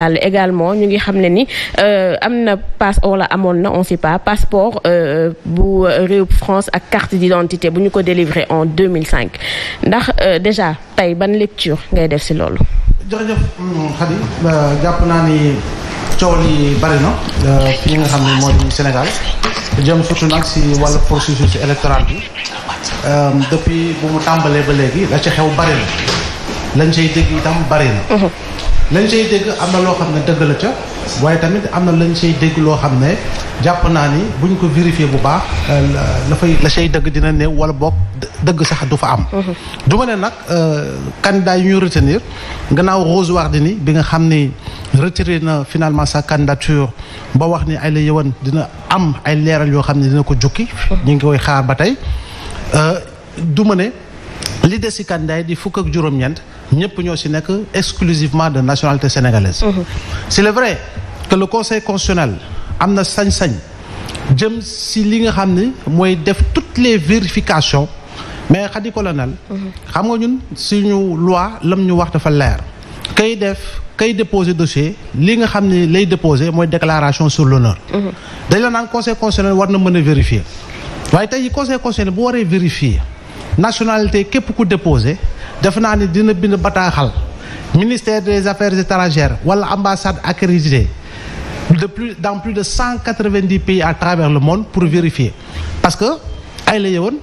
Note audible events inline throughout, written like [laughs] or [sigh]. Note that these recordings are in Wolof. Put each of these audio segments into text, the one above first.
al également ñu ngi xam ne ni euh, am na passe wala amoon na on sait pas passeport euh, bu réew France ak carte d'identité bu ñu ko délivré en 2005 ndax euh, déjà tey ban lecture ngay def ci loolu jërëjëf mm, Khady jàpp naa ni coow li bari na fi nga xam ne moo di Sénégal jëm surtout nag ci wàllu processus électoral bi depuis bu mu tàmbalee ba léegi la ci xew bari na lañ cay dégg itam bari lañ say dégg am na loo xam ne dëgg la ca waaye tamit am na lañ say dégg loo xam ne jàpp naa ni buñ ko vérifier bu baax euh, la fay la dëgg dina néew wala boog dëgg sax du fa am mm-hmm. du ma ne nag euh, candidat yu ñu retenir gannaaw Rose Wardini bi nga xam ni retiré na finalement sa candidature ba wax ni ay la yëwan dina am ay leeral yoo xam ne dina ko jukki ñu ngi koy xaar ba tey euh, du ma ne li des si candidat di fukk juróom-ñeent ñëpp ñoo ci nekk exclusivement de nationalité sénégalaise. Mhm. c'est le vrai que le conseil constitutionnel am na sañ-sañ jëm si li nga xam ni mooy def toutes les vérifications mais xadi colonel mhm. xam nga ñun suñu loi lam ñu wax dafa leer. kay def kay déposer dossier li nga xam ne lay déposer mooy déclaration sur l'honneur mhm. dañ la naan conseil constitutionnel war na mën a vérifier waaye tey conseil constitutionnel bu waree vérifier nationalité képp ku déposer defe naa ni dina bind bataaxal ministère des affaires étrangères wala ambassade accrédité de plus dans de cent quatre-vingt-dix pays à travers le monde pour vérifier parce que ay la yewoon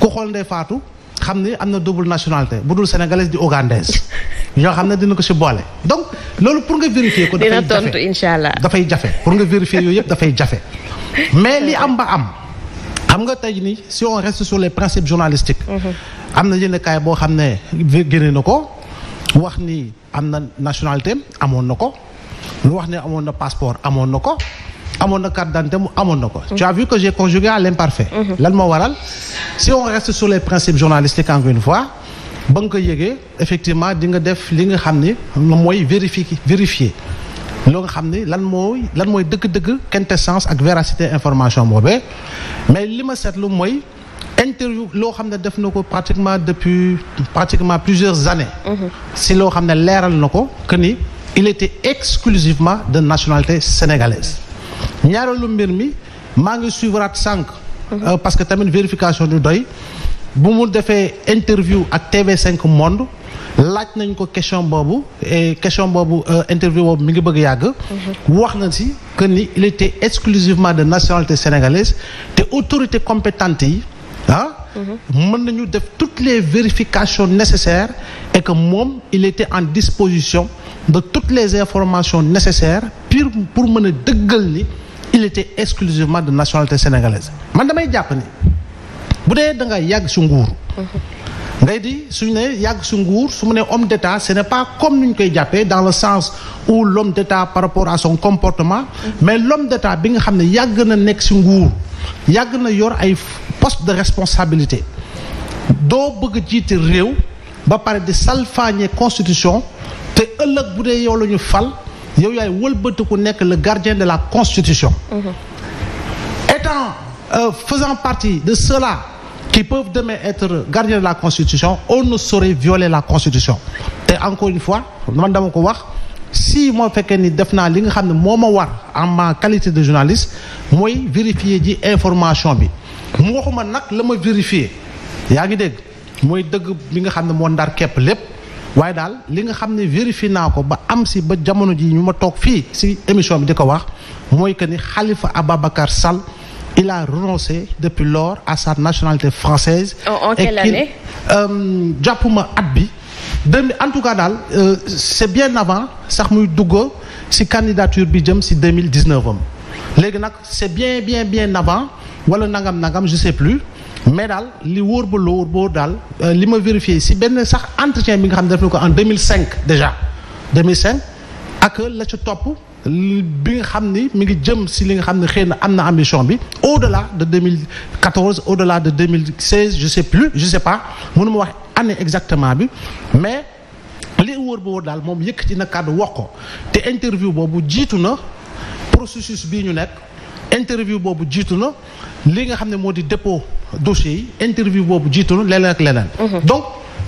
ku xool ndey faatu xam ni am na double nationalité bu dul sénégalaise di ougandaise yoo xam ne dina ko si boole donc loolu pour nga vérifier ko dafay jafe incha allah dafay jafe pour nga vérifier yooyu yëpp dafay jafe mais li am ba am xam nga tey ni si on reste sur les principes journalistiques. Mhm. am na yenn kaay boo xam ne génne na ko wax ni am na nationalité amoon na ko lu wax ne amoon na passeport amoon na ko amoon na carte dante mu amoon na ko. Mhm. tu as vu que j'ai conjugué à l'imparfait. Mhm. lan moo waral si on reste sur les principes journalistiques encore une fois ba nga ko yëgee effectivement di nga def li nga xam ni mooy vérifier vérifier. loo nga xam ni lan mooy lan mooy dëgg-dëgg quintessence ak véracité information boobee mais li ma seetlu mooy interview loo xam ne def na ko pratiquement depuis pratiquement plusieurs années. Mhm. si loo xam ne leeral na ko que ni il était exclusivement de nationalité sénégalaise. ñaareelu mbir mi maa ngi suivraat cinq mhm. euh, parce que tamit vérification du doy bu mu defee interview ak tv cinq Monde. laaj nañ ko question boobu et question boobu euh, interview boobu mi ngi bëgg yàgg mm-hmm. wax na si que ni il était exclusivement de nationalité sénégalaise te autorité compétente yi ah mm-hmm. mën nañu def toutes les vérifications nécessaires et que moom il était en disposition de toutes les informations nécessaires pour pour mën a dëggal ni il était exclusivement de nationalité sénégalaise man damay jàpp ni bu dee da nga yàgg si nguur mm-hmm. ngay di suñu ne yàgg su nguur su mu ne homme d'état ce n'est pas comme ni ñu koy jàppee dans le sens où l'homme d'état par rapport à son comportement mais l'homme d'état bi nga xam ne yàgg na nekk si nguur yàgg na yor ay post de responsabilité doo bëgg jiite réew ba pare di salfaañe constitution te ëllëg bu dee yow lañu fal yow yaay ku nekk le gardien de la constitution mm-hmm. étant euh, faisant partie de cela qui peuvent demain être gardiens de la Constitution on ne saurait la Constitution te encore une fois man dama ko wax si moo fekkee ni def naa li nga xam ne moo ma war en ma qualité de journaliste mooy vérifier ji information bi mu waxuma nag la ma vérifier yaa ngi dégg mooy dëgg bi nga xam ne moo ndar képp lépp waaye daal li nga xam ne vérifié naa ko ba am si ba jamono ji ñu ma toog fii si émission bi di ko wax mooy que ni Khalifa Ababacar Sall il a renoncé depuis lors à sa nationalité française en, en quelle euh, jàppuma at bi en tout cas daal euh, c'est bien avant sax muy dugg ci candidature bi jëm ci 2019 am léegi nag c'est bien bien bien avant wala nangam nangam je sais plus mais daal li wóor ba lóor boo daal euh, li ma vérifier ci benn sax entretien bi nga xam ne def na ko en 2005 déjà 2005 ak la ca topp bi nga xam ni mi ngi jëm si li nga xam ne xëy na am na ambition bi au delà de 2014 au delà de 2016 je sais plus je sais pas mënuma wax année exactement bi mais li wóor ba wóor daal moom yëkk yëkkati na kàddu wax ko te interview boobu jiitu na processus bii ñu nekk interview boobu jiitu na li nga xam ne moo di dépôt dossier yi interview boobu jiitu na leneen ak mhm.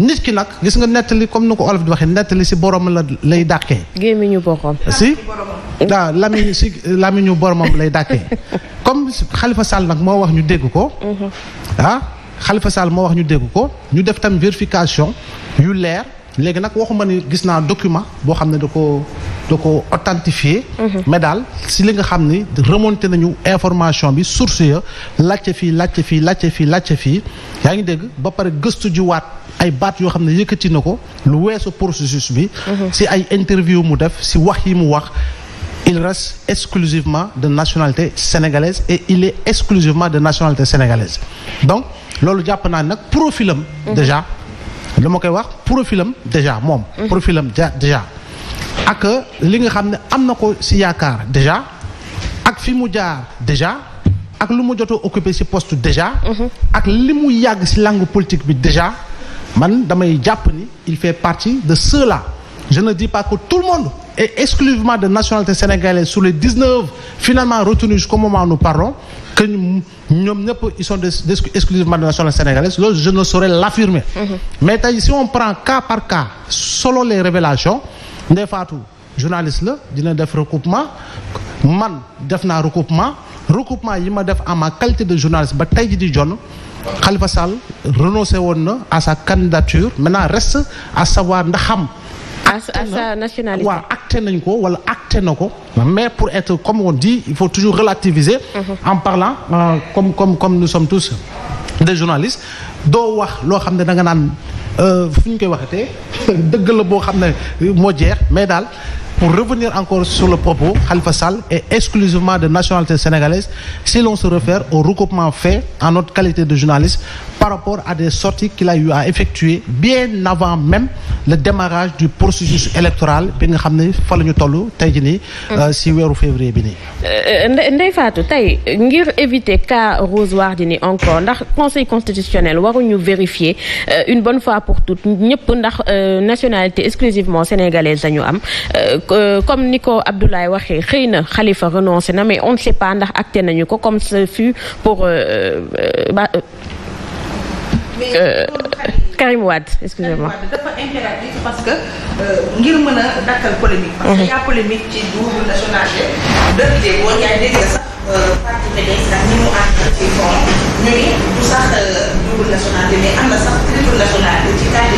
nit ki nag gis nga nettali comme ni ko olof di waxee nettali si borom la lay dàqee. gémmiñu boppam. si waaw lamiñ si lamiñu boromam lay dàqee comme xalifa Sall nag moo wax ñu dégg ko. Mhm. ah Khalifa moo wax ñu dégg ko ñu def tam vérification yu leer léegi nag waxuma ni gis naa document boo xam ne da ko da ko authentifié mhm. mais daal si li nga xam ni remonté nañu information bi source ya laajte fii laajte fii laajte fii laajte fii yaa ngi dégg ba pare gëstu jiwaat ay baat yoo xam ne yëkkati na ko lu weesu processus bi mhm. si ay interview mu def si wax yi mu wax il reste exclusivement de nationalité sénégalaise et il est exclusivement de nationalité sénégalaise donc loolu jàpp naa nag profilam mhm. déjà lu ma koy wax profilam déjà moom profilam déjà ak li nga xam ne am na ko si yaakaar déjà ak fi mu jaar déjà ak lu mu jotoo occupé si post déjà mhm. ak li mu yàgg si langue politique bi déjà man damay jàpp ni il fait partie de ceux-là je ne dis pas que tout le monde est exclusivement de nationalité sénégalaise sur les 19 finalement retenus jusqu'au moment où nous parlons que ñoom ñëpp ils sont exclusivement de nationalité sénégalaise loolu je ne saurais l'affirmer mhm. mais tey si on prend cas par cas selon les révélations Ndeye Fatou journaliste la dina def recoupement man def naa recoupement recoupement yi ma def en qualité de journaliste ba tey ji di jonn Khalifa Sall renoncé woon na à sa candidature maintenant reste à savoir ndax xam. à sa nationalité waaw acté nañ ko wala acté na ko. mais pour être comme on dit il faut toujours relativiser. Mhm. en parlant euh, comme comme comme nous sommes tous des journalistes doo wax loo xam ne da nga naan. Euh, fu ñu koy waxatee [laughs] dëgg la boo xam ne moo jeex mais daal pour revenir encore sur le propos Khalifa Sall est exclusivement de nationalité sénégalaise si l'on se réfère au recoupement fait en notre qualité de journaliste par rapport à des sorties qu'il a eu bien avant même la démarrage du processus électoral bi nga xam ne fa la ñu toll tey ji nii. Mm. Euh, si weeru février bi nii. Euh, Ndeye Fatou tey ngir éviter cas Rose Wardini encore ndax conseil constitutionnel ñu vérifier euh, une bonne fois pour toutes ñëpp ndax nationalité exclusivement sénégalaise dañu am comme ni ko Abdoulaye waxee xëy na xalifa renoncé na mais on ne sait pas ndax acté nañu ko comme ce fut pour. Euh, Karim Wade excusez-moi. dafa impératif parce que euh, ngir mën a dakkal polémique. parce que mhm. y' a polémique ci double nationalité. dëkk de boo yaa dégg sax parti euh, PDS ak ñi mu ànd ci fond ñu ne du sax double nationalité mais am na sax triple nationalité ci